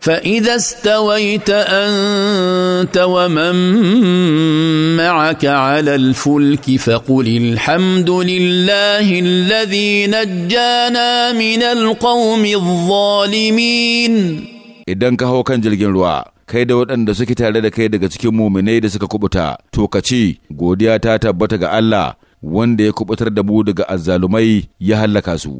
فاذا استويت انت ومن معك على الفلك فقل الحمد لله الذي نجانا من القوم الظالمين idan ka hau kan jirgin ruwa kai da waɗanda suke tare da kai daga cikin muminai da suka kubuta to ka ce godiya ta tabbata ga Allah wanda ya kubutar da mu daga azzalumai ya hallaka su